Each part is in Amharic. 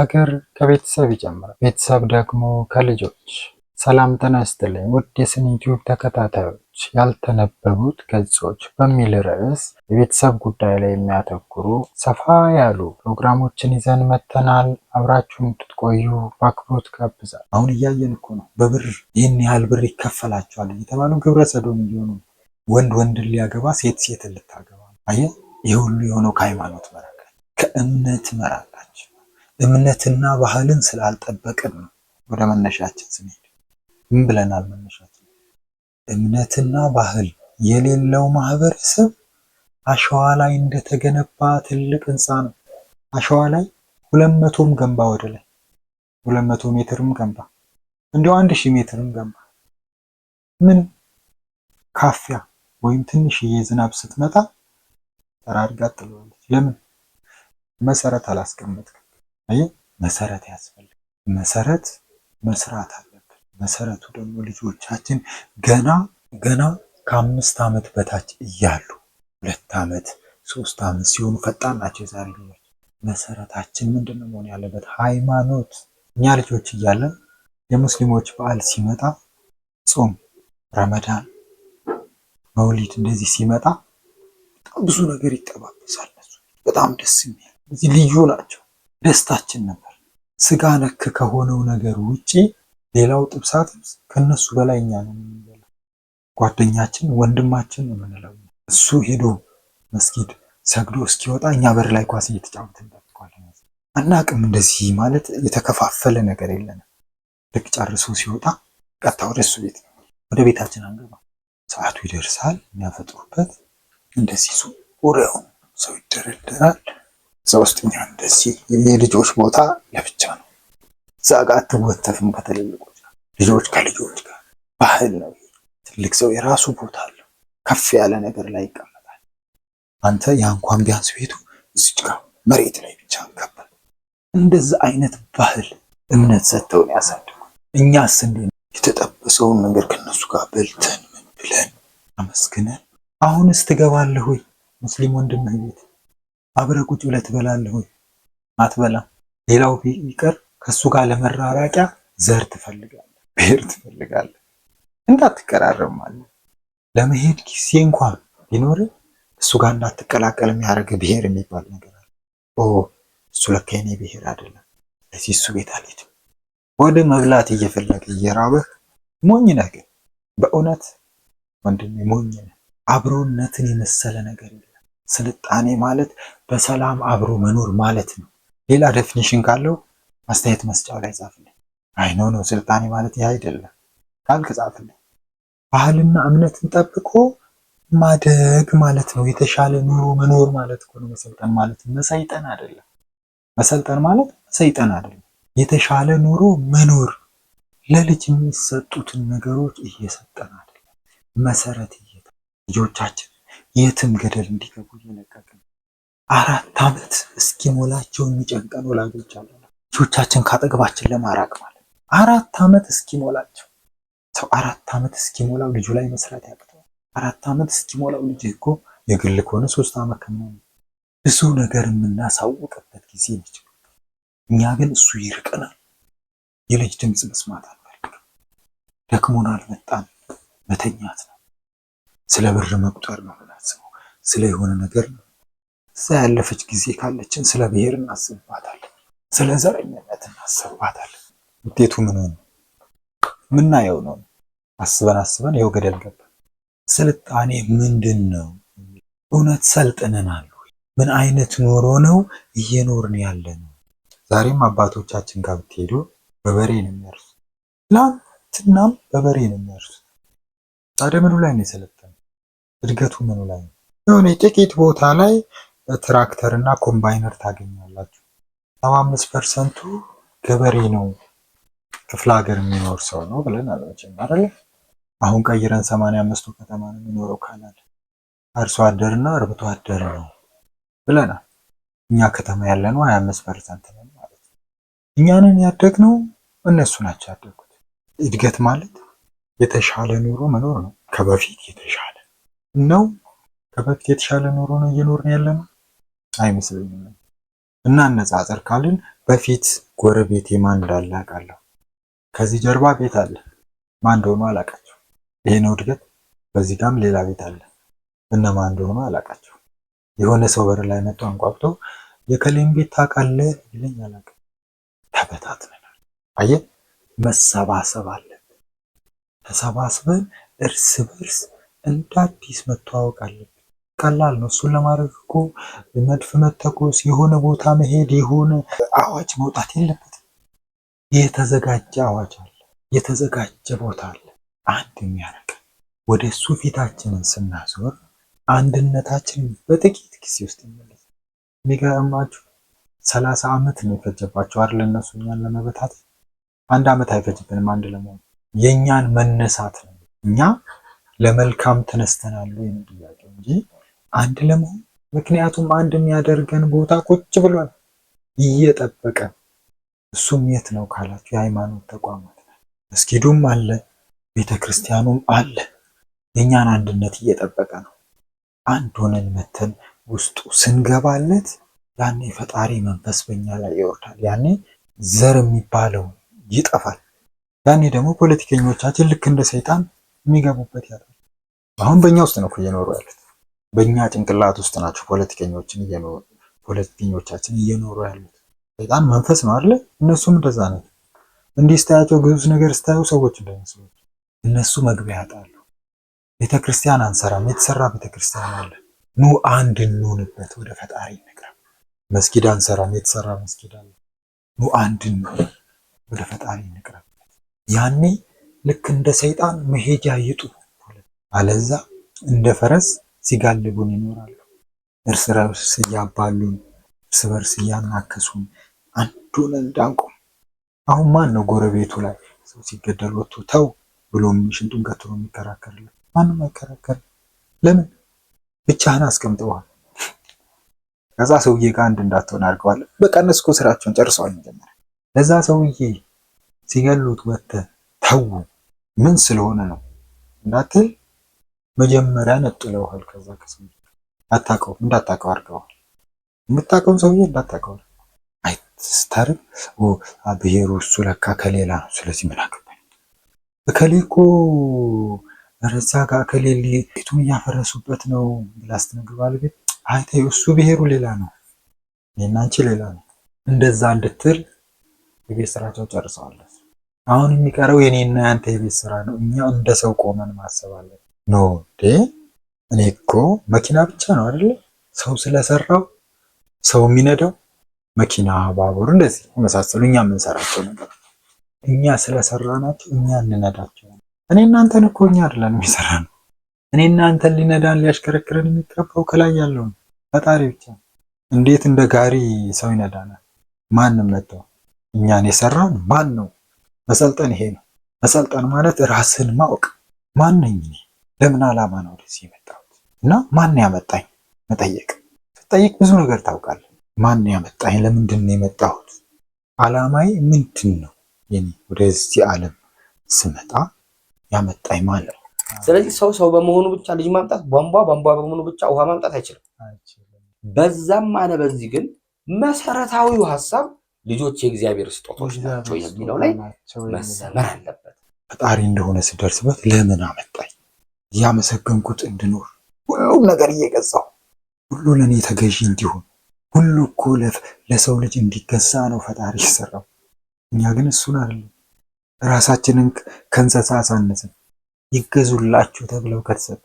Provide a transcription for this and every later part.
ሀገር ከቤተሰብ ይጀምራል። ቤተሰብ ደግሞ ከልጆች። ሰላም ጤና ውድ የስኒ ዩቲዩብ ተከታታዮች፣ ያልተነበቡት ገጾች በሚል ርዕስ የቤተሰብ ጉዳይ ላይ የሚያተኩሩ ሰፋ ያሉ ፕሮግራሞችን ይዘን መተናል። አብራችሁን እንድትቆዩ በአክብሮት ጋብዛል። አሁን እያየን እኮ ነው። በብር ይህን ያህል ብር ይከፈላቸዋል እየተባሉ ግብረ ሰዶም እንዲሆኑ ወንድ ወንድ ሊያገባ ሴት ሴት ልታገባ አየ። ይህ ሁሉ የሆነው ከሃይማኖት መራቃል፣ ከእምነት መራቃል እምነትና ባህልን ስላልጠበቅን ነው። ወደ መነሻችን ስንሄድ ምን ብለናል? መነሻችን እምነትና ባህል የሌለው ማህበረሰብ አሸዋ ላይ እንደተገነባ ትልቅ ህንፃ ነው። አሸዋ ላይ ሁለት መቶም ገንባ ወደ ላይ ሁለት መቶ ሜትርም ገንባ እንዲሁ አንድ ሺህ ሜትርም ገንባ ምን ካፊያ ወይም ትንሽዬ ዝናብ ስትመጣ ጠራርጋ ጥለዋለች። ለምን መሰረት አላስቀመጥም? አይ መሰረት ያስፈልጋል። መሰረት መስራት አለብን። መሰረቱ ደግሞ ልጆቻችን ገና ገና ከአምስት ዓመት በታች እያሉ ሁለት ዓመት ሶስት ዓመት ሲሆኑ ፈጣን ናቸው የዛሬ ልጆች። መሰረታችን ምንድን ነው መሆን ያለበት? ሃይማኖት። እኛ ልጆች እያለን የሙስሊሞች በዓል ሲመጣ ጾም፣ ረመዳን፣ መውሊድ እንደዚህ ሲመጣ በጣም ብዙ ነገር ይጠባበሳል። በጣም ደስ የሚል ልዩ ናቸው። ደስታችን ነበር። ስጋ ነክ ከሆነው ነገር ውጪ ሌላው ጥብሳ ጥብስ ከነሱ በላይ እኛ ነው የምንለው። ጓደኛችን ወንድማችን ነው የምንለው። እሱ ሄዶ መስጊድ ሰግዶ እስኪወጣ እኛ በር ላይ ኳስ እየተጫወትን እንጠብቀዋለን። አናቅም። እንደዚህ ማለት የተከፋፈለ ነገር የለንም። ልክ ጨርሶ ሲወጣ ቀጥታ ወደ እሱ ቤት ነው። ወደ ቤታችን አንገባ። ሰዓቱ ይደርሳል የሚያፈጥሩበት እንደዚህ ሱ ወሬውን ሰው ይደረደራል። እዛ ውስጥኛው እንደዚህ የልጆች ቦታ ለብቻ ነው። እዛ ጋር አትወተፍም ከትልልቆች ልጆች ከልጆች ጋር ባህል ነው። ትልቅ ሰው የራሱ ቦታ አለው። ከፍ ያለ ነገር ላይ ይቀመጣል። አንተ ያንኳን ቢያንስ ቤቱ እዚች ጋር መሬት ላይ ብቻ አንከባል። እንደዚህ አይነት ባህል እምነት ሰጥተውን ያሳድጉ። እኛ እንዴ የተጠበሰውን ነገር ከነሱ ጋር በልተን ምን ብለን አመስግነን አሁንስ ትገባለህ ወይ ሙስሊም ወንድምህ ቤት አብረ ቁጭ ብለህ ትበላለህ ወይ? አትበላም። ሌላው ቢቀር ከእሱ ጋር ለመራራቂያ ዘር ትፈልጋለህ፣ ብሔር ትፈልጋለህ፣ እንዳትቀራረብ ማለት ለመሄድ ጊዜ እንኳን ቢኖር እሱ ጋር እንዳትቀላቀል የሚያደርግ ብሔር የሚባል ነገር አለ። ኦ እሱ ለካ የኔ ብሔር አይደለም፣ ለዚህ እሱ ቤት አልሄድም። ወደ መብላት እየፈለገ እየራበህ ሞኝ ነህ። ግን በእውነት ወንድሜ ሞኝ ነህ። አብሮነትን የመሰለ ነገር ስልጣኔ ማለት በሰላም አብሮ መኖር ማለት ነው። ሌላ ደፊኒሽን ካለው አስተያየት መስጫው ላይ ጻፍልኝ። አይ ኖ ነው ስልጣኔ ማለት ይህ አይደለም ካልክ ጻፍልኝ። ባህልና እምነትን ጠብቆ ማደግ ማለት ነው። የተሻለ ኑሮ መኖር ማለት እኮ ነው መሰልጠን ማለት። መሰይጠን አይደለም። መሰልጠን ማለት መሰይጠን አይደለም። የተሻለ ኑሮ መኖር ለልጅ የሚሰጡትን ነገሮች እየሰጠን አይደለም፣ መሰረት እየተ ልጆቻችን የትም ገደል እንዲገቡ እየለቀቅን አራት ዓመት እስኪሞላቸው የሚጨንቀን ወላጆች አሉ። ልጆቻችን ካጠገባችን ለማራቅ ማለት አራት ዓመት እስኪሞላቸው ሰው አራት ዓመት እስኪሞላው ልጁ ላይ መስራት ያቅተዋል። አራት ዓመት እስኪሞላው ልጅ እኮ የግል ከሆነ ሶስት ዓመት ከምናምን ብዙ ነገር የምናሳውቅበት ጊዜ ነች። እኛ ግን እሱ ይርቀናል። የልጅ ድምፅ መስማት አንፈልግም። ደክሞን አልመጣን መተኛት ነው። ስለ ብር መቁጠር ነው የምናስበው። ስለ የሆነ ነገር ነው። እዛ ያለፈች ጊዜ ካለችን ስለ ብሔር እናስብባታለን። ስለ ዘረኝነት እናስብባታለን። ውጤቱ ምን ሆነ? ምናየው ነው። አስበን አስበን ይኸው ገደል ገባ። ስልጣኔ ምንድን ነው? እውነት ሰልጥነናል? ምን አይነት ኑሮ ነው እየኖርን ያለ ነው? ዛሬም አባቶቻችን ጋር ብትሄዱ በበሬ ነው የሚያርሱት። ትናንትናም በበሬ ነው ታዲያ አደምሉ ላይ ነው እድገቱ ምኑ ላይ ነው? የሆነ ጥቂት ቦታ ላይ ትራክተር እና ኮምባይነር ታገኛላችሁ። ሰባ አምስት ፐርሰንቱ ገበሬ ነው፣ ክፍለ ሀገር የሚኖር ሰው ነው ብለን አለችን አሁን ቀይረን ሰማንያ አምስቱ ከተማ ነው የሚኖረው ካላል አርሶ አደርና አርብቶ አደር ነው ብለናል። እኛ ከተማ ያለነው ነው 25 ፐርሰንት ነው ማለት ነው። ያደግ ነው እነሱ ናቸው ያደጉት። እድገት ማለት የተሻለ ኑሮ መኖር ነው ከበፊት የተሻለ ነው? ከበፊት የተሻለ ኑሮ ነው እየኖርን ያለ ነው አይመስለኝም። እና አነጻጸር ካልን በፊት ጎረቤቴ ማን እንዳለ አውቃለሁ። ከዚህ ጀርባ ቤት አለ፣ ማን እንደሆነ አላውቃቸው። ይሄ ነው እድገት። በዚህ ጋም ሌላ ቤት አለ፣ እነማን እንደሆነ አላውቃቸው። የሆነ ሰው በር ላይ መጥቶ አንቋቅቶ የከሌን ቤት ታውቃለህ ይለኝ አላውቅም። ተበታትነናል። አየህ፣ መሰባሰብ አለብን። ተሰባስበን እርስ በርስ እንደ አዲስ መተዋወቅ አለብን። ቀላል ነው። እሱን ለማድረግ እኮ መድፍ መተኮስ፣ የሆነ ቦታ መሄድ፣ የሆነ አዋጅ መውጣት የለበትም። የተዘጋጀ አዋጅ አለ፣ የተዘጋጀ ቦታ አለ። አንድ የሚያደርግ ወደ እሱ ፊታችንን ስናዞር አንድነታችን በጥቂት ጊዜ ውስጥ ይመለስ። የሚገርማችሁ ሰላሳ ዓመት ነው የፈጀባቸው አይደል? እነሱ እኛን ለመበታት አንድ ዓመት አይፈጅብንም። አንድ ለመሆን የእኛን መነሳት ነው እኛ ለመልካም ተነስተናል ወይም ጥያቄው እንጂ አንድ ለመሆን ምክንያቱም አንድ የሚያደርገን ቦታ ቁጭ ብሏል እየጠበቀ እሱም የት ነው ካላችሁ የሃይማኖት ተቋማት መስጊዱም አለ ቤተ ክርስቲያኑም አለ የእኛን አንድነት እየጠበቀ ነው አንድ ሆነን መተን ውስጡ ስንገባለት ያኔ ፈጣሪ መንፈስ በእኛ ላይ ይወርዳል ያኔ ዘር የሚባለው ይጠፋል ያኔ ደግሞ ፖለቲከኞቻችን ልክ እንደ ሰይጣን የሚገቡበት ያለ አሁን በእኛ ውስጥ ነው እየኖሩ ያሉት። በእኛ ጭንቅላት ውስጥ ናቸው ፖለቲከኞችን እየኖሩ ፖለቲከኞቻችን እየኖሩ ያሉት። በጣም መንፈስ ነው አለ። እነሱም እንደዛ ነው። እንዲህ ስታያቸው ግዙፍ ነገር ስታዩ ሰዎች እንዳይመስሉት እነሱ መግቢያ ያጣሉ። ቤተክርስቲያን አንሰራም። የተሰራ ቤተክርስቲያን አለ። ኑ አንድ እንሆንበት ወደ ፈጣሪ ነገር መስጊድ አንሰራም። የተሰራ መስጊድ አለ። ኑ አንድ እንሆን ወደ ፈጣሪ ነገር ያኔ ልክ እንደ ሰይጣን መሄጃ ይጡ፣ አለዛ እንደ ፈረስ ሲጋልቡን ይኖራሉ። እርስ በርስ እያባሉን፣ እርስ በርስ እያናከሱን፣ አንዱን እንዳንቆም። አሁን ማን ነው ጎረቤቱ ላይ ሰው ሲገደል ወጥቶ ተው ብሎ ሽንጡን ቀጥሎ የሚከራከርለት? ማንም አይከራከርም። ለምን? ብቻህን አስቀምጠዋል። ከዛ ሰውዬ ጋር አንድ እንዳትሆን አድርገዋል። በቃ እነሱ እኮ ስራቸውን ጨርሰዋል። መጀመሪያ ለዛ ሰውዬ ሲገሉት ወጥተህ ተው ምን ስለሆነ ነው እንዳትል መጀመሪያ ነጥለውሃል። ከዛ ከሰው አታውቀውም፣ እንዳታውቀው አድርገዋል። የምታውቀውን ሰውዬ እንዳታውቀው አይ ስታርም ብሔሩ እሱ ለካ ከሌላ ነው። ስለዚህ ምን አገባኝ እከሌ እኮ ረዛ ጋር እከሌ ቤቱን እያፈረሱበት ነው ብላ ስትነግር ባለቤት አይ ተይው እሱ ብሔሩ ሌላ ነው፣ እኔና አንቺ ሌላ ነው። እንደዛ እንድትል የቤት ስራቸው ጨርሰዋለን። አሁን የሚቀረው የኔና ያንተ የቤት ስራ ነው። እኛ እንደ ሰው ቆመን ማሰባለን። ኖ እኔ እኮ መኪና ብቻ ነው አይደለ ሰው ስለሰራው ሰው የሚነዳው መኪና፣ ባቡር፣ እንደዚህ የመሳሰሉ እኛ የምንሰራቸው ነገር እኛ ስለሰራ ናቸው። እኛ እንነዳቸው። እኔ እናንተን እኮ እኛ አይደለን የሚሰራ ነው። እኔ እናንተን ሊነዳን ሊያሽከረክረን የሚገባው ከላይ ያለው ፈጣሪ ብቻ። እንዴት እንደ ጋሪ ሰው ይነዳናል? ማንም መጥተው እኛን የሰራን ማን ነው? መሰልጠን ይሄ ነው። መሰልጠን ማለት ራስን ማወቅ። ማን ነኝ እኔ? ለምን ዓላማ ነው ወደዚህ የመጣሁት? እና ማን ያመጣኝ መጠየቅ። ስጠይቅ ብዙ ነገር ታውቃለህ። ማን ያመጣኝ? ለምንድን ነው የመጣሁት? ዓላማዬ ምንድን ነው? የኔ ወደዚህ ዓለም ስመጣ ያመጣኝ ማን ነው? ስለዚህ ሰው ሰው በመሆኑ ብቻ ልጅ ማምጣት፣ ቧንቧ ቧንቧ በመሆኑ ብቻ ውሃ ማምጣት አይችልም። በዛም አለ በዚህ ግን መሰረታዊው ሀሳብ ልጆች የእግዚአብሔር ስጦቶች ናቸው የሚለው ላይ መሰመር አለበት። ፈጣሪ እንደሆነ ስደርስበት ለምን አመጣኝ እያመሰገንኩት እንድኖር ሁሉም ነገር እየገዛው ሁሉ ለእኔ ተገዢ እንዲሆን ሁሉ እኮ ለሰው ልጅ እንዲገዛ ነው ፈጣሪ ይሰራው። እኛ ግን እሱን አይደለም ራሳችንን ከእንስሳ አሳነስን። ይገዙላችሁ ተብለው ከተሰጡ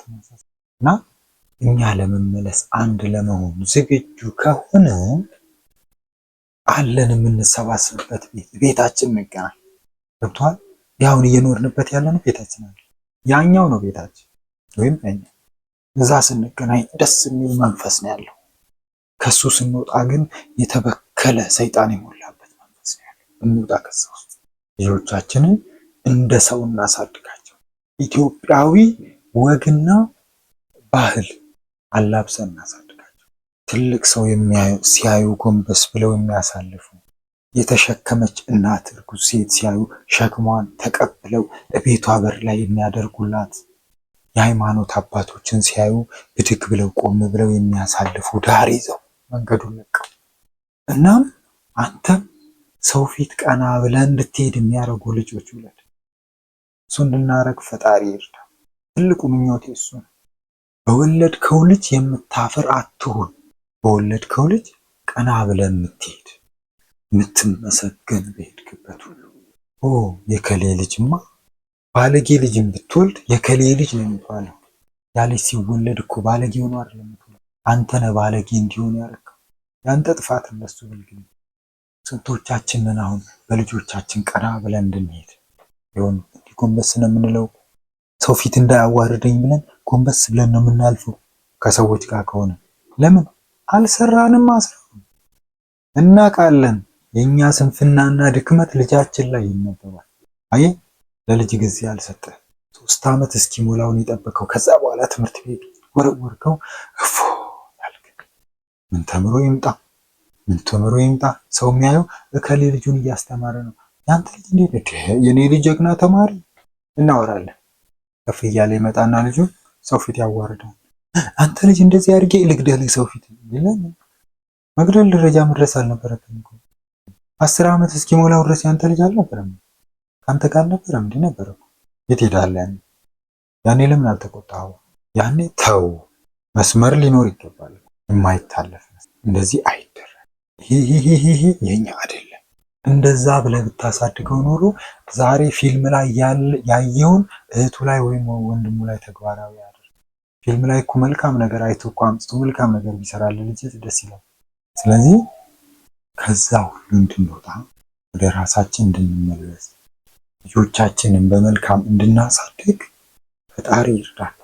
እና እኛ ለመመለስ አንድ ለመሆኑ ዝግጁ ከሆነ አለን የምንሰባስብበት ቤት ቤታችን እንገናኝ። ገብቷል? ያሁን እየኖርንበት ያለነው ቤታችን አለ። ያኛው ነው ቤታችን ወይም ያኛ እዛ ስንገናኝ ደስ የሚል መንፈስ ነው ያለው። ከሱ ስንወጣ ግን የተበከለ ሰይጣን የሞላበት መንፈስ ነው ያለው። እንውጣ ከዛ ውስጥ። ልጆቻችንን እንደ ሰው እናሳድጋቸው። ኢትዮጵያዊ ወግና ባህል አላብሰን እናሳድግ። ትልቅ ሰው ሲያዩ ጎንበስ ብለው የሚያሳልፉ የተሸከመች እናት እርጉዝ ሴት ሲያዩ ሸክሟን ተቀብለው እቤቷ በር ላይ የሚያደርጉላት የሃይማኖት አባቶችን ሲያዩ ብድግ ብለው ቆም ብለው የሚያሳልፉ ዳር ይዘው መንገዱን ለቀው እናም አንተም ሰው ፊት ቀና ብለን እንድትሄድ የሚያደርጉ ልጆች ውለድ። እሱ እንድናረግ ፈጣሪ ይርዳ። ትልቁ ምኞቴ እሱ ነው። በወለድከው ልጅ የምታፍር አትሁን። በወለድከው ልጅ ቀና ብለህ የምትሄድ የምትመሰገን በሄድክበት ሁሉ ኦ የከሌ ልጅማ ባለጌ ልጅም ብትወልድ የከሌ ልጅ ነው የሚባለው። ያ ልጅ ሲወለድ እኮ ባለጌ ሆኖ አይደለም። አንተ ነህ ባለጌ እንዲሆን ያደረገው። ያንተ ጥፋት እነሱ ስንቶቻችን ስንቶቻችንን አሁን በልጆቻችን ቀና ብለን እንድንሄድ ይሁን ጎንበስ ነው የምንለው። ሰው ፊት እንዳያዋርደኝ ብለን ጎንበስ ብለን ነው የምናልፈው ከሰዎች ጋር ከሆነ ለምን አልሰራንም አስረው እናውቃለን። የእኛ ስንፍናና ድክመት ልጃችን ላይ ይነበባል። አይ ለልጅ ጊዜ አልሰጠ ሶስት ዓመት እስኪሞላውን የጠበቀው ከዛ በኋላ ትምህርት ቤት ወረወርከው። እፎ ያልክ ምን ተምሮ ይምጣ ምን ተምሮ ይምጣ ሰው የሚያየው እከሌ ልጁን እያስተማረ ነው። ያንተ ልጅ እንዴት የኔ ልጅ ጀግና ተማሪ እናወራለን። ከፍ እያለ ይመጣና ልጁን ሰው ፊት ያዋርዳል። አንተ ልጅ እንደዚህ አድርጌ ልግደል ሰው ፊት መግደል ደረጃ መድረስ አልነበረብኝ። አስር ዓመት እስኪሞላው ድረስ ያንተ ልጅ አልነበረም ከአንተ ጋር አልነበረም። እንዲህ ነበር። የት ሄዳለህ? ያኔ ለምን አልተቆጣው ያኔ ተው። መስመር ሊኖር ይገባል። የማይታለፍ እንደዚህ አይደረግ። ይሄ የኛ አይደለም። እንደዛ ብለህ ብታሳድገው ኖሮ ዛሬ ፊልም ላይ ያየውን እህቱ ላይ ወይም ወንድሙ ላይ ተግባራዊ ፊልም ላይ እኮ መልካም ነገር አይቶ እኮ አምጥቶ መልካም ነገር ቢሰራልን ልጅት ደስ ይላል። ስለዚህ ከዛ ሁሉ እንድንወጣ ወደ ራሳችን እንድንመለስ ልጆቻችንን በመልካም እንድናሳድግ ፈጣሪ ይርዳል።